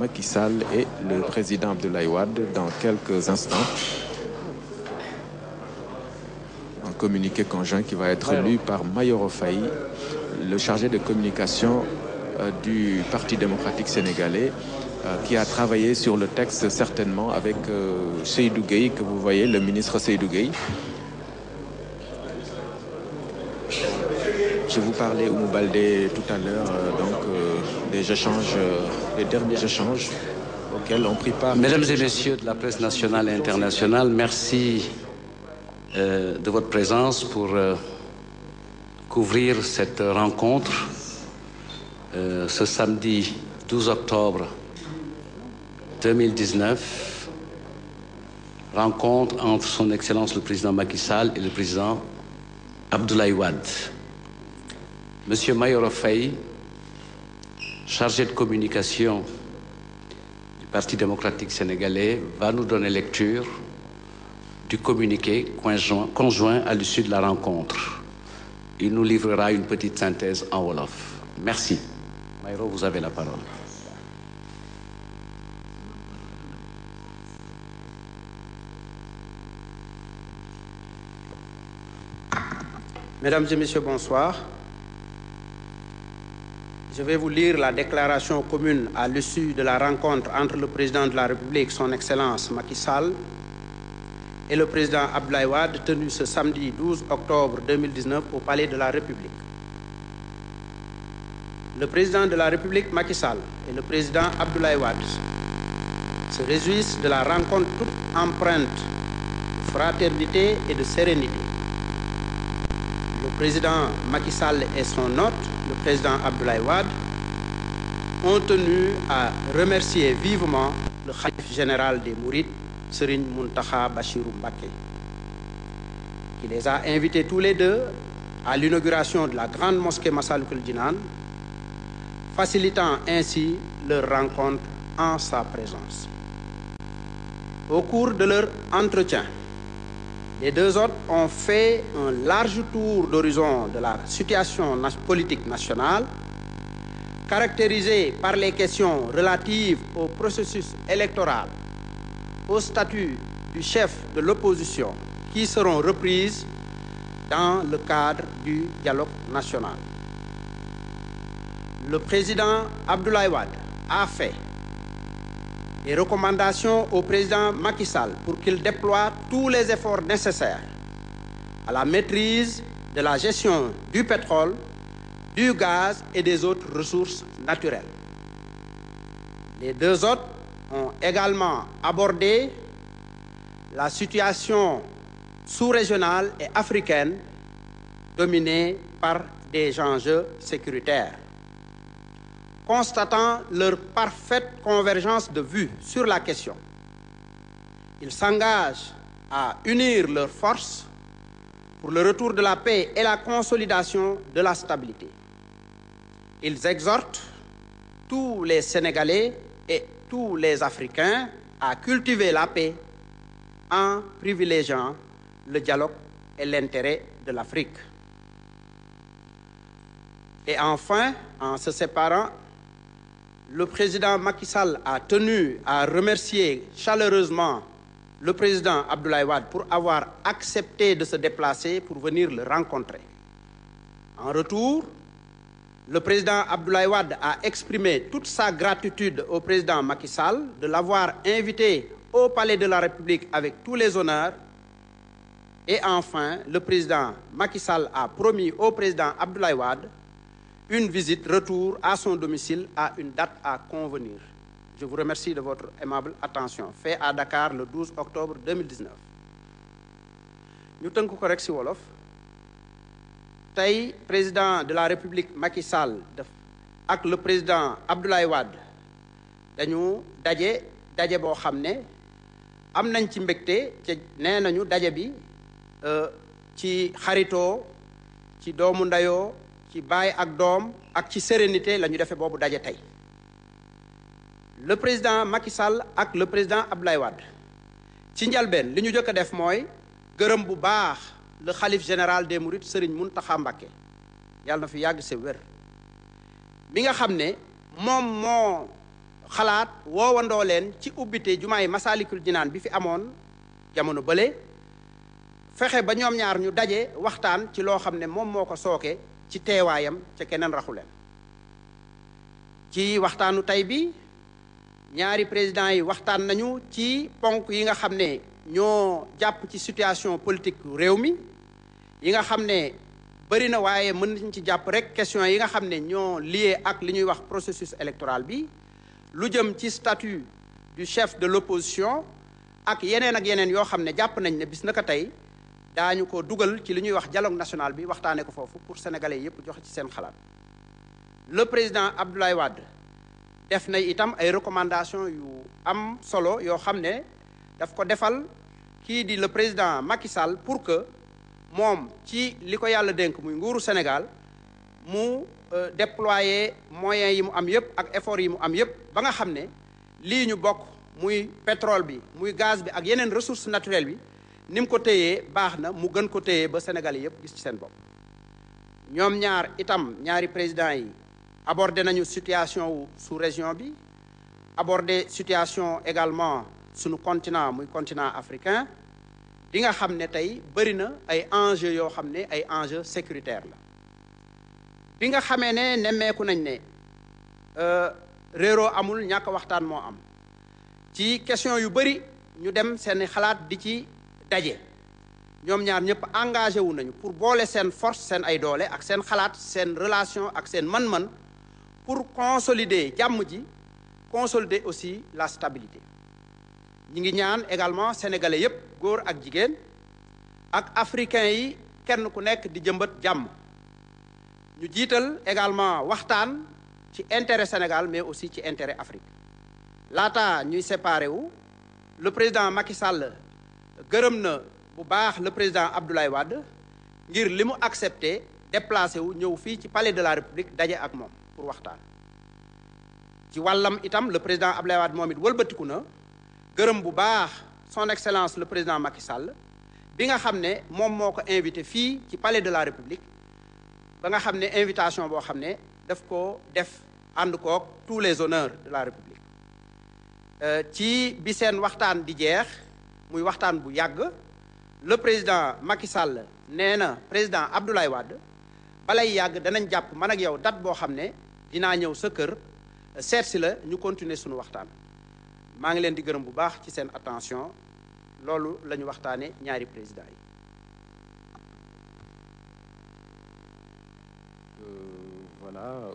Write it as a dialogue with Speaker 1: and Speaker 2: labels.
Speaker 1: Macky Sall et le président de Wade dans quelques instants. Un communiqué conjoint qui va être lu par Mayor Faye, le chargé de communication euh, du Parti démocratique sénégalais, euh, qui a travaillé sur le texte certainement avec euh, Seydou que vous voyez, le ministre Seydou Gueye. Je vous parlais, Oumoubalde Baldé, tout à l'heure, donc les échanges, euh, les derniers échanges auxquels on prit pas Mesdames et messieurs de la presse nationale et internationale, merci euh, de votre présence pour euh, couvrir cette rencontre ce samedi 12 octobre 2019. Rencontre entre Son Excellence le Président Macky Sall et le Président Abdoulaye Wade. Monsieur Mayor Faye, chargé de communication du Parti démocratique sénégalais, va nous donner lecture du communiqué conjoint, à l'issue de la rencontre. Il nous livrera une petite synthèse en Wolof. Merci. Maïro, vous avez la parole. Mesdames et Messieurs, bonsoir. Je vais vous lire la déclaration commune à l'issue de la rencontre entre le président de la République, son Excellence Macky Sall, et le président Abdoulaye Wade, tenue ce samedi 12 octobre 2019 au Palais de la République. Le président de la République Macky Sall et le président Abdoulaye Wade se réjouissent de la rencontre toute empreinte de fraternité et de sérénité. Le président Macky Sall et son hôte le président Abdoulaye Wad, ont tenu à remercier vivement le Khalif général des Mourides, Serine Muntaha Bachirou Mbake. qui les a invités tous les deux à l'inauguration de la grande mosquée Massal Dinan, facilitant ainsi leur rencontre en sa présence. Au cours de leur entretien, les deux autres ont fait un large tour d'horizon de la situation politique nationale, caractérisée par les questions relatives au processus électoral, au statut du chef de l'opposition, qui seront reprises dans le cadre du dialogue national. Le président Abdoulaye Wade a fait et recommandations au président Macky Sall pour qu'il déploie tous les efforts nécessaires à la maîtrise de la gestion du pétrole, du gaz et des autres ressources naturelles. Les deux autres ont également abordé la situation sous-régionale et africaine dominée par des enjeux sécuritaires constatant leur parfaite convergence de vues sur la question. Ils s'engagent à unir leurs forces pour le retour de la paix et la consolidation de la stabilité. Ils exhortent tous les Sénégalais et tous les Africains à cultiver la paix en privilégiant le dialogue et l'intérêt de l'Afrique. Et enfin, en se séparant le président Macky Sall a tenu à remercier chaleureusement le président Abdoulaye Wade pour avoir accepté de se déplacer pour venir le rencontrer. En retour, le président Abdoulaye Wade a exprimé toute sa gratitude au président Macky Sall de l'avoir invité au Palais de la République avec tous les honneurs. Et enfin, le président Macky Sall a promis au président Abdoulaye Wade une visite retour à son domicile à une date à convenir. Je vous remercie de votre aimable attention. Fait à Dakar le 12 octobre 2019. ñu tënk ko rek ci wolof Tay, président de la république Macky Sall def le président Abdoulaye Wade dañu daje daje bo xam am nañ ci mbégte ci nañu daje bi euh, ci xaritoo ci doomu ndayo ci baay ak doom ak ci sérénité la ñu defee boobu daje tey le président Macky Sall ak le président Abdoulaye Wade ci njalbeen li ñu jëkk a def mooy gërëm bu baax le xalif général des Mourides Serigne Mountakha Mbacké yàlla na fi yàgg sa wér bi nga xam ne moom moo xalaat woowandoo leen ci ubbite jumaay Masaalikul Jinaan bi fi amoon jamono bële fexe ba ñoom ñaar ñu daje waxtaan ci loo xam ne moom moo ko sooke ci teewaayam ca keneen raxu leen ci waxtaanu tay bi ñaari président yi waxtaan nañu ci ponk yi nga xam ne ñoo jàpp ci situation politique réew mi yi nga xam ne bëri na waaye mën nañ ci jàpp rek question yi nga xam ne ñoo lié ak li ñuy wax processus électoral bi lu jëm ci statut du chef de l'opposition ak yeneen ak yeneen yoo xam ne jàpp nañ ne bis naka tey daañu ko dugal ci li ñuy wax dialogue national bi waxtaanee ko foofu pour sénégalais yépp joxe ci seen xalaat le président Abdoulaye Wade def na itam ay recommandations yu am solo yoo xam ne daf ko defal kii di le président Macky Sall pour que moom ci li ko yàlla dénk muy nguuru Sénégal mu euh, déployer moyens yi mu am yépp ak effort yi mu am yépp ba nga xam ne lii ñu bokk muy pétrole bi muy gaz bi ak yeneen ressources naturelles bi. Nous avons ko téyee baax mu gën ko Sénégal itam abordé nañu situation wu sous région bi abordé situation également suñu continent continent africain di nga xam ne tey bëri na ay enjeux yoo xam ne ay enjeux nous nga ne nemmeeku nañ ne euh, amul am ci question yu ñu dem daje ñom ñaar ñëpp engagé wu nañu pour bolé sen force sen ay doolé ak sen xalaat sen relation ak sen man man pour consolider jamm ji consolider aussi la stabilité ñi ngi ñaan également sénégalais yépp góor ak jigéen ak africain yi kenn ku nekk di jëmbat jàmm ñu jiital également waxtaan ci intérêt Sénégal mais aussi ci intérêt Afrique laata ñuy séparé wu le président Macky Sall gërëm na bu baax le président Abdoulaye Wade ngir li mu accepté déplacé wu ñëw fii ci palais de la république daje ak moom pour waxtaan. ci wàllam itam le président Abdoulaye Wade moom it wëlbatiku na gërëm bu baax son excellence le président Macky Sall bi nga xam ne moom moo ko invité fii ci palais de la république ba nga xam invitation boo xam ne daf ko def ànd tous les honneurs de la république euh, ci bi seen waxtaan di jeex. muy waxtaan bu yàgg le président Macky Sall nee na président Abdoulaye Wade balay yàgg danañ jàpp man ak yow date boo xam ne dinaa ñëw sa kër seet la ñu continuer suñu waxtaan maa ngi leen di gërëm bu baax ci seen attention loolu la ñu waxtaane ñaari président yi euh,